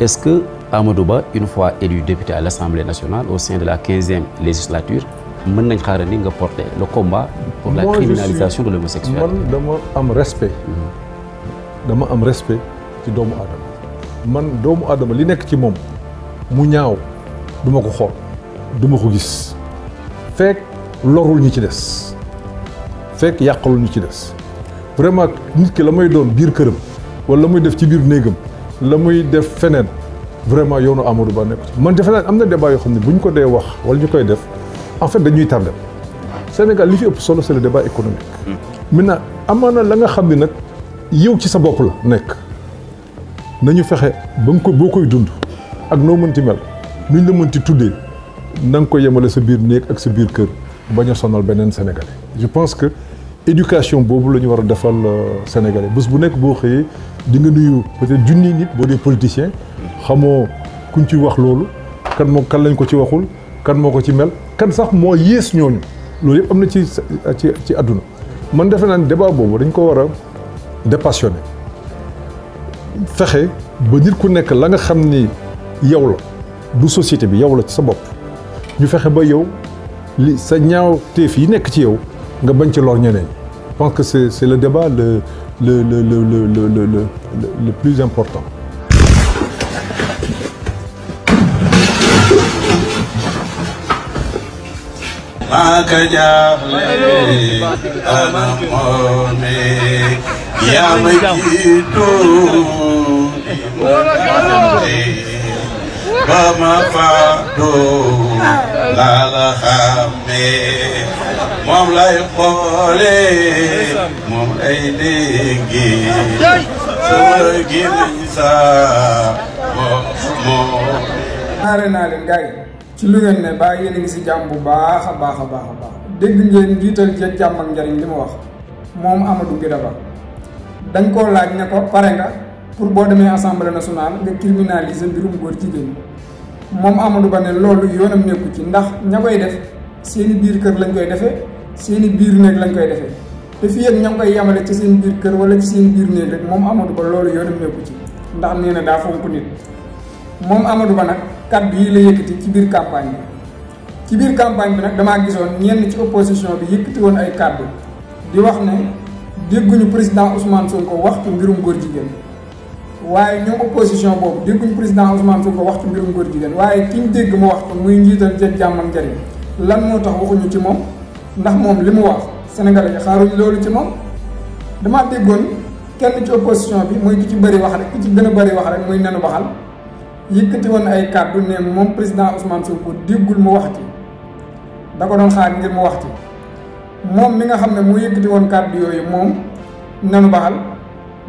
Est-ce que Ba, une fois élu député à l'Assemblée nationale au sein de la 15e législature, mën porter le combat pour la Moi, criminalisation suis... de l'homosexualité man dama am respect mhm. dama am respect ci doomu aadama man doomu aadama li nekk ci moom mu ñaaw ne ma ko pas. du ma ko gis fekk lorul ñi ci des fek yàqalul ñu ci dess vraiment nit ki la doon biir kërëm wala lamay def ci biir neegam la muy def feneen vraiment yoonu Amadou Ba nekku ci man defe naa am na débat yoo xam ne bu ñu ko dee wax wala ñu koy def en fait dañuy tardé Sénégal li fi ëpp solo c'est le débat économique. Hmm. maintenant amaana la nga xam ni nag yow ci sa bopp la nekk nañu fexe ba nga ko boo koy dund ak noo mënti mel nuñ la mënti tuddee na ko yemale sa biir néeg ak sa biir kër bañ a sonal beneen Sénégalais je pense que. éducation bobu lañu wara avons euh, sénégalais Si bu nek des xeyé di nga nuyu peut-être junni nit bo des politicien xamo kuñ ci wax lolu kan kan lañ ko ci waxul kan moko ci mel kan sax mo ñooñu lolu yëpp amna ci ci ci débat dañ ko dépassionné fexé ba nit ku la la société li sa yi je pense que c'est le débat le le plus important. mafadu lala xame moom lay xoole moom lay déggi sama gémmiñ sa moom moom naare naa leen gaay ci lu ngeen ne baa yéen a ngi si jàmm bu baax a baax a baax a baax dégg ngeen jiital ja jàmm ak njariñ li mu wax moom amadou gidaba dañ koo pour boo demee assemblée nationale nga criminaliser mbirum góor jigéen moom Amadou Ba ne loolu yoonam nekku ci ndax ña koy def seeni biir kër lañ koy defee seeni biir néeg lañ koy defee te fii ak ña ngi yemale ci seen biir kër wala ci seen biir néeg rek moom Amadou Ba loolu yoonam nekku ci ndax nee na daa fonk nit moom Amadou Ba nag kàddu yi la yëkkati ci biir campagne bi ci biir campagne bi nag damaa gisoon ñenn ci opposition bi yëkkati woon ay kàddu di wax ne dégguñu président Ousmane Sonko wax ci mbirum góor jigéen waaye ñoom opposition boobu dégguñ président Ousmane Sonko wax ci mbirum góor jigéen waaye ki ñu dégg mu wax ko muy njiital jën jàmmal njariñ lan moo tax waxuñu ci moom ndax moom li mu wax Sénégalais yi xaaruñ loolu ci moom damaa déggoon kenn ci opposition bi muy ki ci bëri wax rek ki ci gën a bëri wax rek muy nenu waxal yëkkati woon ay kàddu ne moom président Ousmane Sonko déggul mu wax ci da ko doon xaar ngir mu wax moom mi nga xam ne mu yëkkati woon kàddu yooyu moom nenu baxal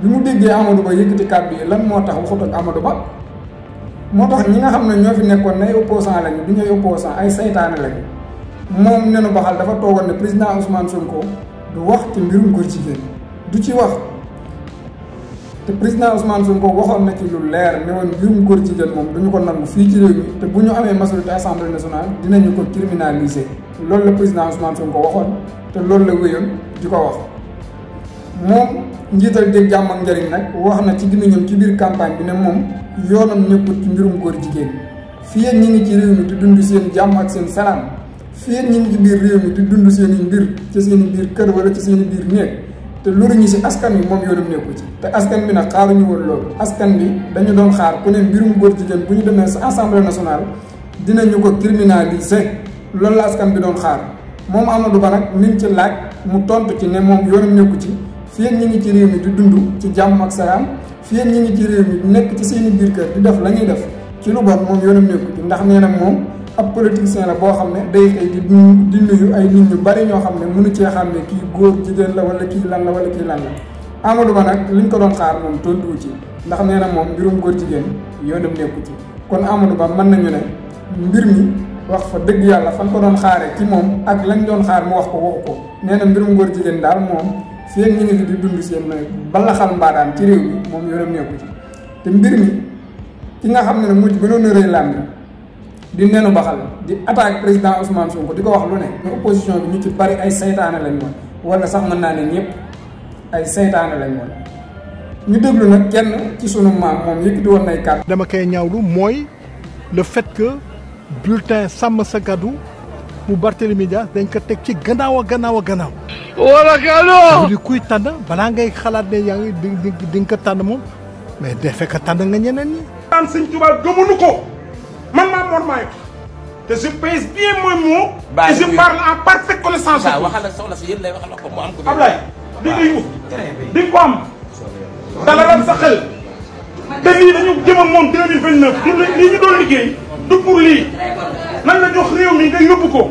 bi mu déggee Amadou Ba yëkkati kàddu yi lan moo tax waxut ak Amadou Ba moo tax ñi nga xam ne ñoo fi nekkoon nay opposant lañu du ñuy opposant ay saytaane lañu moom nenu baxal dafa toogoon ne président Ousmane Sonko du wax ci mbirum góor jigéen du ci wax te président Ousmane Sonko waxoon na ci lu leer ne woon mbirum góor jigéen moom duñu ko nangu fii ci réew mi te bu ñu amee majorité assemblée nationale dinañu ko criminaliser loolu la président Ousmane Sonko waxoon te loolu la wéyoon di ko wax moom njiital dégg jàmm ak njëriñ nag wax na ci gémmiñam ci biir campagne bi ne moom yoonam nekkut ci mbirum góor jigéen fii ak ñi ngi ci réew mi di dund seen jàmm ak seen salaam fii ak ñi ngi ci biir réew mi di dund seen i mbir ci seen i kër wala ci seen i biir néeg te loolu ñu si askan wi moom yoonam nekku ci te askan bi nag xaaruñu woon loolu askan bi dañu doon xaar ku ne mbirum góor jigéen bu ñu demee sa assemblée nationale dinañu ko criminaliser loolu la askan bi doon xaar moom Amadou Ba nag niñ ci laaj mu tontu ci ne moom yoonam nekku ci fii ak ñu ngi ci réew mi di dund ci jàmm ak salaam fii ak ñi ngi ci réew mi di nekk ci seeni biir kër di def la ñuy def ci lu bon moom yoonam nekku ci ndax nee na moom ab politicien la boo xam ne day xëy di di ay nit ñu bari ñoo xam ne mënu cee xam ne góor jigéen la wala kii lan la wala kii lan la Amadou Ba nag liñ ko doon xaar moom tontuwu ci ndax nee na moom mbirum góor jigéen yoonam nekku ci kon Amadou Ba mën nañu ne mbir mi wax fa dëgg yàlla fan ko doon xaaree ci moom ak lañ doon xaar mu wax ko waxu ko nee na mbirum góor jigéen daal moom fii ak ñu ngi di dund seen la balaxal mbaaraan ci réew mi moom yoonam neeku ci te mbir mi ki nga xam ne ne moo ci gënoon a rëy di nenu baxal di attaque président Ousmane Sonko di ko wax lu ne ne opposition bi ñu ci bari ay saytaane lañ woon wala sax mën naa ne ñëpp ay saytaane lañ woon ñu déglu nag kenn ci sunu maam moom yëkkati woon nay kàddu. dama koy ñaawlu mooy le fait que bulletin sàmm sa kaddu bu Barthélemy Dias dañ ko teg ci gannaaw a gannaaw a gannaaw wala kaano du kuy ah, tànn balaa ngay xalaat ne yaa ngi di di di nga ko tànn moom mais de fekk tànn nga ñeneen ñi naan sëñ Tuubaa gëmunu ko man maa moon maay te je pèse bien mes mots et je parle en parfaite connaissance waxal ak soxna si yéen lay waxal ko mu am ko Ablaye di nga yuuf di nga ko am dalalal sa xel te lii dañu jëm ak moom 2029 du ñu doon liggéey du pour lii nan la jox réew mi nga yóbbu ko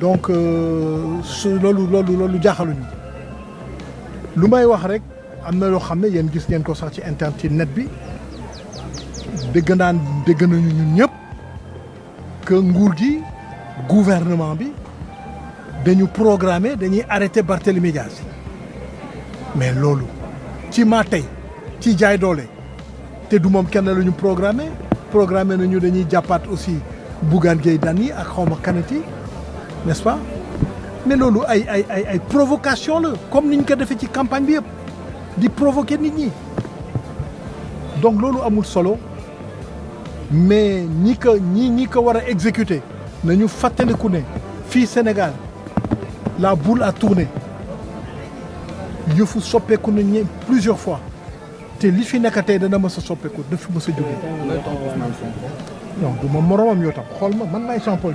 donc euh, lolu lolu lolu jaxalu ñu lu may wax rek amna lo loo yeen gis ngeen ko sax ci internet ci net bi dégg naan dégg nañu ñun ñëpp que nguur gi gouvernement bi dañu programmer dañuy arrêter Barthélémy Dias mais lolu ci m'a tay ci jaay doole te du moom kenn la ñu programmer programmer nañu dañuy jàppaat aussi Bougane Gueye Dany ak xaw ma kanati n'est-ce pas mais lolo ay ay ay ay provocation le comme ni ñu ko une campagne bi provoquer nini. donc donc loolu amul solo mais ni ko ni ni ko war a exécuter nañu fàttaliku ne fille Sénégal la boule a tourné il faut choper ñe plusieurs fois te li fi nekk tey dana mës a soppeeku daf fi mës a non du ma moroomam yoo tam xool ma man maay Jean Paul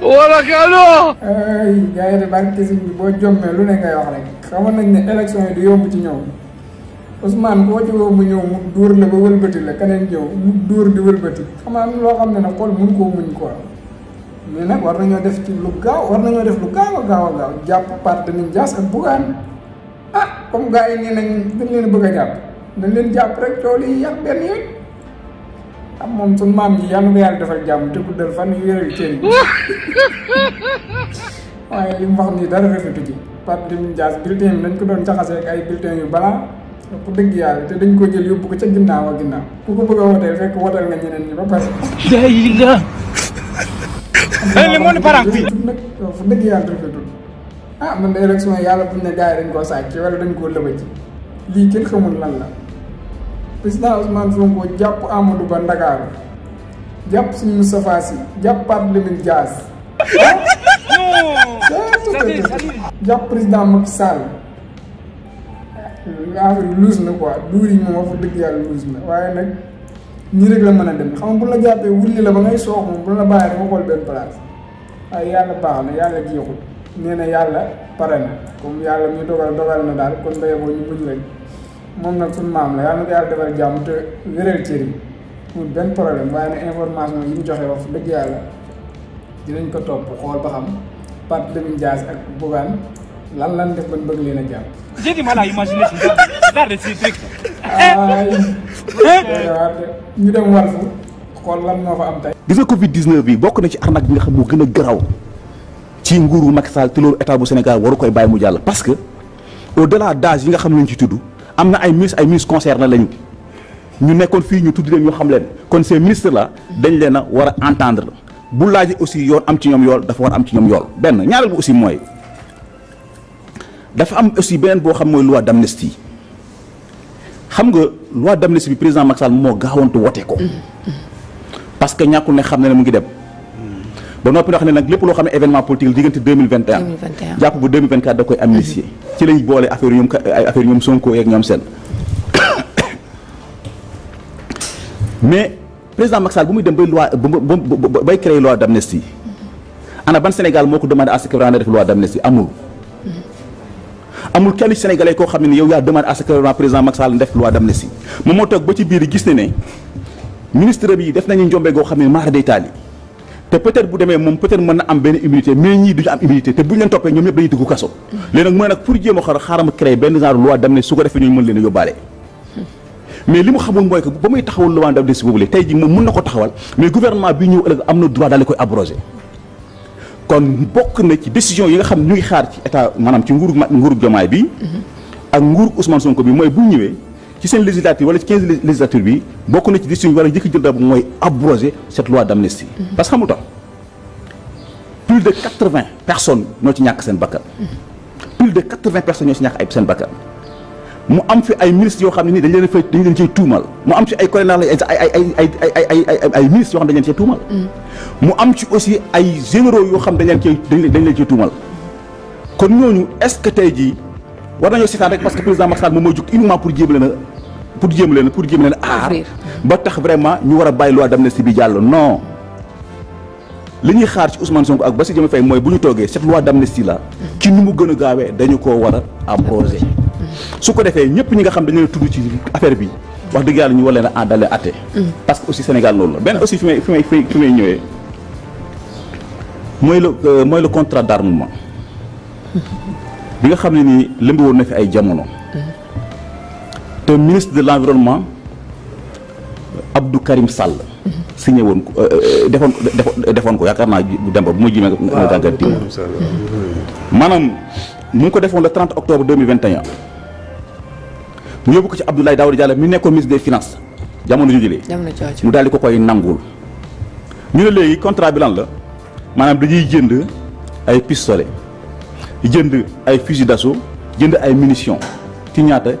wala Gallo. gars yi de barke si boo jommee lu ne ngay wax rek xamoon nañ ne élection yi du yomb ci ñoom Ousmane koo ci woo mu mu dóor la ba wëlbati la keneen ñëw mu dóor di wëlbati xamaa loo xam ne nag muñ mais war def ci lu gaaw war def lu gaaw gaaw gaaw ni ak ah comme gars yi nañ dañ leen bëgg a dañ leen rek am ah, moom suñu maam ji yàlla na ko yàlla defal jàmm te guddal fan yu wér ak ceen waaye li wax nii dara rafetu ci Pape Lim Dias bulletin yi dañ ko doon jaxase ay bulletin yu balaa bu dëgg yàlla te dañ ko jël yóbbu ko ca ginnaaw ak ginnaaw ku a woteel fekk woteel nga ñeneen ñi ba pare. yàlla. li mu ne parang fii. fu dëgg yàlla rafetul ah man de élection yàlla buñ ne gars yi dañ koo sàcc wala dañ koo lëbëj lii kenn xamul lan la. président Ousmane Sonko jàpp Amadou Ba Ndakaaru jàpp suñu Moustapha Sy jàpp Pape Lamine Dias jàpp président Macky Sall affaire luus na quoi duur yi moom wax dëgg yàlla luus na waaye nag ñi rek la mën a dem xam nga bu la jàppee wulli la ba ngay soox moom bu la bàyyi rek nga xool benn place waaye yàlla baax na yàlla jeexul nee na yàlla pare na comme yàlla ñu dogal dogal na daal kon béykat ñu buñ rek. moom nag suñu maam la yàlla na ko yàlla defal jàmm te wéral cër yi pour benn problème waaye nag information yi mu joxe wax dëgg yàlla dinañ ko topp xool ba xam Pape Lamine Dias ak Bougane lan lan def ban bëgg leen a jàpp. jéggi ma laa imaginé si ñu dem Walf xool gis nga Covid 19 bi bokk na ci arnaque bi nga xam moo gën a garaw ci nguuru Macky Sall te loolu état bu Sénégal waru koy bàyyi mu jàll parce que au delà d'âge yi nga xam ne lañ ci tudd. am na ay ministres ay ministres na lañu ñu nekkoon fii ñu tudd leen ñu xam leen kon ces ministres là dañ leen war a entendre bu laajee aussi yoon am ci ñoom yool dafa war am ci ñoom yool benn ñaareel bi aussi mooy dafa am aussi beneen boo xam mooy loi d'amnistie xam nga loi d'amnistie bi président Macky Sall moo gaawantu wote ko mm-hmm. parce que ñàkkul ne xam na ne mu ngi dem. ba noppi wax ne nag lépp loo xam ne événement politique la diggante 2021 jàpp bu 2024 da koy amnistier mm-hmm. ci lañ boole affaire ñoom ay affaire ñoom Sonko yeeg ñoom seen mais président Macky Sall bu muy dem bay loi bay créer loi d'amnistie mm-hmm. ana ban Sénégal moo demandé à ce que def loi d'amnistie amul mm-hmm. amul kenn sénégalais koo xam ne yow yaa demandé à ce que président Macky Sall def loi d'amnistie moom moo toog ba ci biir gis ne ne ministre bi def nañu njombe goo xam ne maar day te peut-être bu demee moom peut-être mën na am benn immunité mais ñii duñu am immunité te buñu leen toppee ñoom ñëpp dañuy dugg kaso léegi nag mu nag pour jéem a xaaral ma créé benn genre loi dem ne su ko defee ñooñu mën a yóbbaale mais li mu xamul mooy que ba muy taxawal loi d'amnistie boobu la tey jii moom mën na ko taxawal mais gouvernement bi ñëw ëllëg am na droit daal koy abroger kon bokk na ci décision yi nga xam ñu ngi xaar ci état maanaam ci nguuru nguuru Diomaye bi ak nguuru usman Sonko bi mooy bu ñëwee ci wala abroger cette loi d'amnistie mhm. parce que plus de 80 personnes ont ci un mhm. plus de 80 personnes n'ont ci ministres qui ont fait Je fay aussi généraux est-ce que tu as parce que président pour pour jéem na pour jéem na aar ba tax vraiment ñu war a bàyyi loi d'amnistie bi jàll non li ñuy xaar ci Ousmane Sonko ak Bassirou Diomaye ay mooy bu ñu toogee cette loi d'amnistie la ci nu mu gën a gaawee dañu koo war a abroger su ko defee ñëpp ñi nga xam dañu leen tudd ci affaire bi wax dëgg yàlla ñu war leen a àndale àtte parce aussi Sénégal loolu la benn aussi fi may fi may fi may ñëwee mooy la euh, mooy le contrat d'armement bi nga xam ne nii lëmbi woon na fi ay jamono le ministre de l'environnement Abdou Karim Sall. signé woon ko euh, euh, defoon ko defoon ko yaakaar naa Demba bu ma jimee nga ko le 30 octobre 2021 mu yóbbu ko ci Abdoulaye Daouda Diallo mi nekkoon ministre des finances jamono jooju mu daal di ko koy nangul ñu ne contrat bi lan la maanaam dañuy jënd ay pistolet jënd ay fusil d'assaut jënd ay munitions ci ñaata.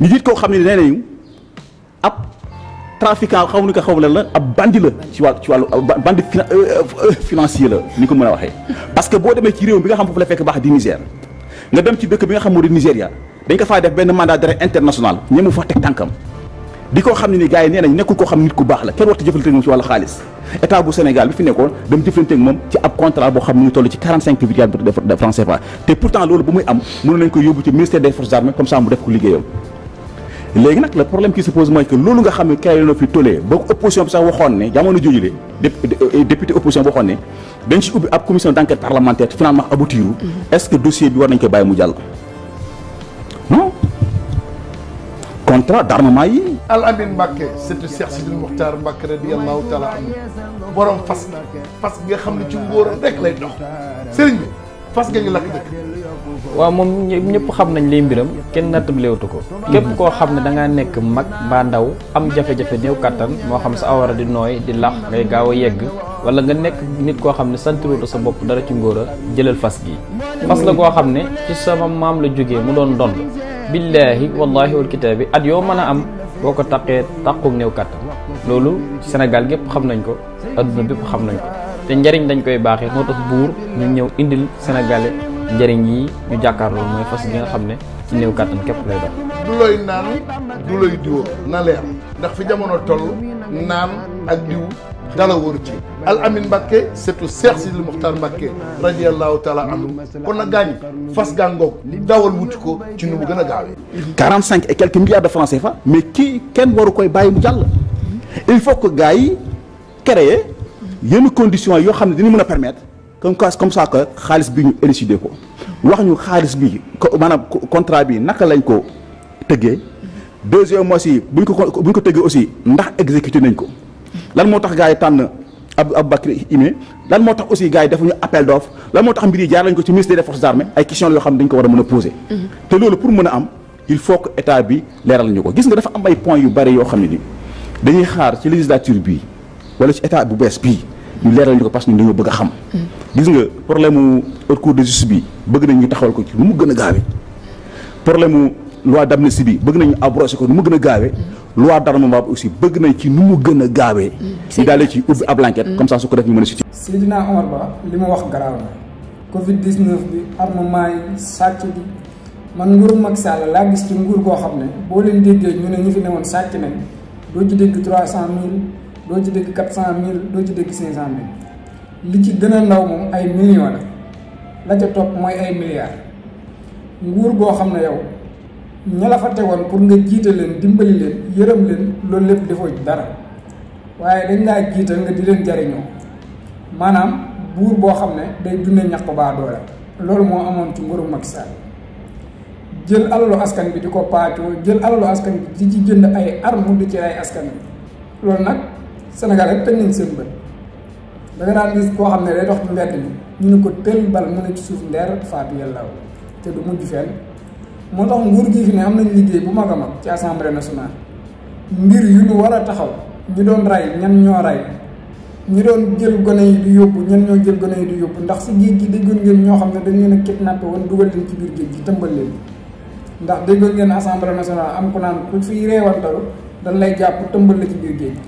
ñu dit ko xamni ne nee nañu ab trafiquant xaw ko xawle la la ab bandi la ci wàllu ci walu bandi financier la ni ko mën a parce que bo demee ci réew bi nga xam foofu la fekk bax di Niger nga dem ci dëkk bi nga xam moo di Nigéria dañ ko fa def ben mandat d'arrêt international ñemu fa tek tankam di ko xam ne ni gars yi nee nañ xam nit ku bax la kenn wartu jëfal tan ci wàllu xaalis état du Sénégal bi fi nekkoon dem jëflante ak moom ci ab contrat boo xam ne ñu toll ci 45 milliards de francs CFA te pourtant loolu bu muy am mënoon nañ ko yóbbu ci ministère des forces armées comme ça mu def ko liggéeyam léegi nag le problème qui se pose mooy que loolu nga xam ne créé na fi tollee ba opposition bi sax waxoon ne jamono jooju le député opposition bi waxoon ne dañ ci ubbi ab commission d' enquête parlementaire finalement aboutiru mm-hmm. est ce que dossier bi war nañ ko bàyyi mu jàll non contrat d' armement yi al amin mbake setu Cheikh Sidil Muxtaar Mbacke radiyallahu taala anhu borom fas fas nga xamni ci ngor rek lay dox serigne fas nga ngi lak dekk wa mom ñepp xam nañ lay mbiram kenn nattab lewtu ko. képp ko xam da nga nek mag ba ndaw am jafe-jafe new katan mo xam sa awara di noy di lax ngay gaaw yegg wala nga nek nit ko xam ne do sa bop dara ci ngóor a jëlal fas gi. fas la ko xam ci sama mam la joggé mu don don billahi wallahi wal kitabi at am. boo ko taqee taquk néew kàttan loolu Sénégal gépp xam nañ ko adduna bépp xam nañ ko te njariñ dañ koy baaxee moo tax buur ñu ñëw indil Sénégalais njariñ yi ñu jàkkaarloo mooy fas gi nga xam ne ci néew kàttan képp lay dox. du looy naan du looy diwoo na leer ndax fi jamono toll naan ak diw. dans la ci al amin Mbacke surtout Cheikh Sidil Mokhtar Mbacke radiallahu taala anhu kon nag gaañi fas gaa ngoog dawal woutiko, ko ci nu mu gën 45 et quelques milliards de francs CFA mais kii ken waru koy baye mu jàll. il faut que gars yi créer yenn conditions yoo xam ne dina mën a permettre comme quoi comme ça que khalis bi ñu élucider ko wax ñu khalis bi manam, contrat bi naka lañ ko tëggee deuxième mois si buñ ko buñ ko tëggee aussi ndax exécuté nañ ko lan motax tax tan yi tànn ab Aboubacry Imé lan motax aussi gars defu ñu appel d'offre lan motax mbir yi jaar lañ ko ci ministère des forces armées ay questions yo xam ne dañ ko wara mëna poser. Mm-hmm. té lolu pour mëna am il faut que état bi léral ñu ko gis nga dafa am ay points yu bari yo xam ni dañuy xaar ci législature bi wala ci état bu bees bi ñu léral ñu ko parce que ñu bëgg xam. Mm-hmm. gis nga problème mu haute cour de justice bi bëgg nañ ñu taxawal ko ci lu mu gën a problème loi d'amnistie bi bëgg ñu abroger ko lu mu gën a loi d'armement bi aussi bëgg nañ ci nu mu gën a gaawee. Mm, ñu daal ci ubbi ab enquête mm. comme ça su ko def ñu mën a situé. Seydina Omar Ba li ma wax garaaw la Covid 19 bi armement yi sàcc bi man nguuru Macky Sall laa gis ci nguur goo xam ne boo leen déggee ñu ne ñi fi newoon sàcc nañ doo ci dégg 300000 doo ci dégg 400000 doo ci dégg 500000 li ci gën a ndaw moom ay million la la ca topp mooy ay milliards nguur goo xam ne yow. ña la fa tegoon pour nga jiite leen dimbali leen yërëm leen loolu lépp defoo dara waaye dañ laa jiital nga di leen jariñoo maanaam buur boo xam ne day dunde ñaq baa doole loolu moo amoon ci nguuru Macky Sall jël alalu askan bi di ko paacoo jël alalu askan bi di ci jënd ay arme di ci ay askan bi loolu nag Sénégal rek tëj nañ seen bët da daan gis koo xam ne day dox ci mbedd mi ñu ne ko tël bal mu ne ci suuf ndeer faatu yàlla te du mujj fenn motax nguur gi fi ne am nañ liggéey bu mag a mag ci assemblée nationale mbir yu ñu war a taxaw ñu doon ray ñan ñoo ray ñu doon jël gone yi du yóbbu ñan ñoo jël gone yi du yóbbu ndax si géej gi déggoon ngeen ñoo xam ne dañ leen a kidnappé woon dugal leen ci biir géej gi tëmbal leen ndax déggoon ngeen assemblée nationale am ko naan ku fi daru dañ lay jàpp tëmbal la ci biir géej gi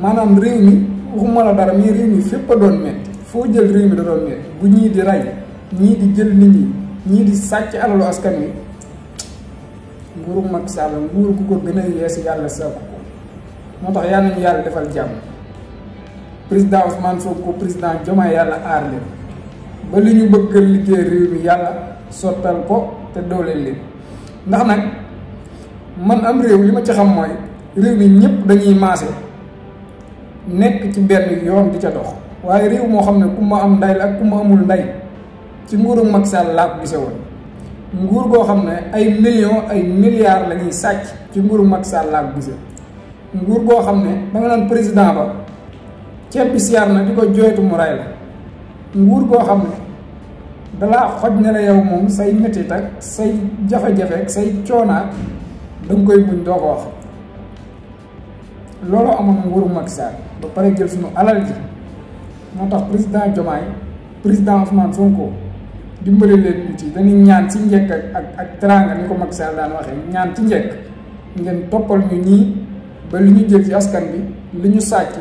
maanaam réew mi waxuma la dara mais réew mi fépp doon metti foo jël réew mi da doon metti bu ñii di ray ñii di jël nit ñi ñii di sàcc alalu askan wi nguuru Macky Sall nguur gu ko gën a yees yàlla sàkku ko moo tax yàlla nañu yàlla defal jàmm président Ousmane ko président Diomaye yàlla aar leen ba li ñu bëgg liggéey réew mi yàlla sottal ko te dooleel leen ndax nag man am réew li ma ci xam mooy réew mi ñëpp dañuy maase nekk ci benn yoon di ca dox waaye réew moo xam ne ku ma am nday la ak ku ma amul nday ci nguuru Macky Sall laa ko gisee woon nguur goo xam ne ay millions ay milliards la ñuy sàcc ci nguuru Macky Sall laa gisee nguur goo xam ne ba nga naan président ba ceeb bi siyaar na di ko jooytu mu ray la nguur goo xam ne dalaa xoj ne la yow moom say métit ak say jafe-jafe ak say coonaak danga koy muñ doo ko wax loolu amoon nguuru Macky Sall ba pare jël suñu alal ji moo tax président Diomaye président Ousmane ko dimbale leen ñu ci dañuy ñaan ci njëkk ak ak ak teraanga ni ko Macky Sall daan waxee ñaan ci njëkk ngeen toppal ñu ñii ba li ñu jël ci askan bi li ñu sàcc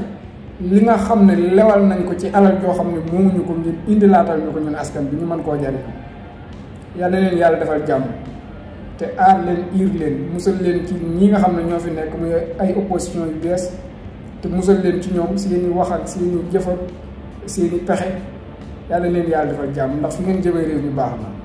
li nga xam ne lewal nañ ko ci alal joo xam ne moomuñu ko ngeen indi laatal ñu ko ñun askan bi ñu mën koo jariñu yàlla leen yàlla defal jàmm te aar leen iir leen musal leen ci ñi nga xam ne ñoo fi nekk muy ay opposition yu bees te musal leen ci ñoom seeni wax ak seeni jëf ak seeni pexe yàlla leen yàlla defal jàmm ndax su ngeen jëmee réew mi baax na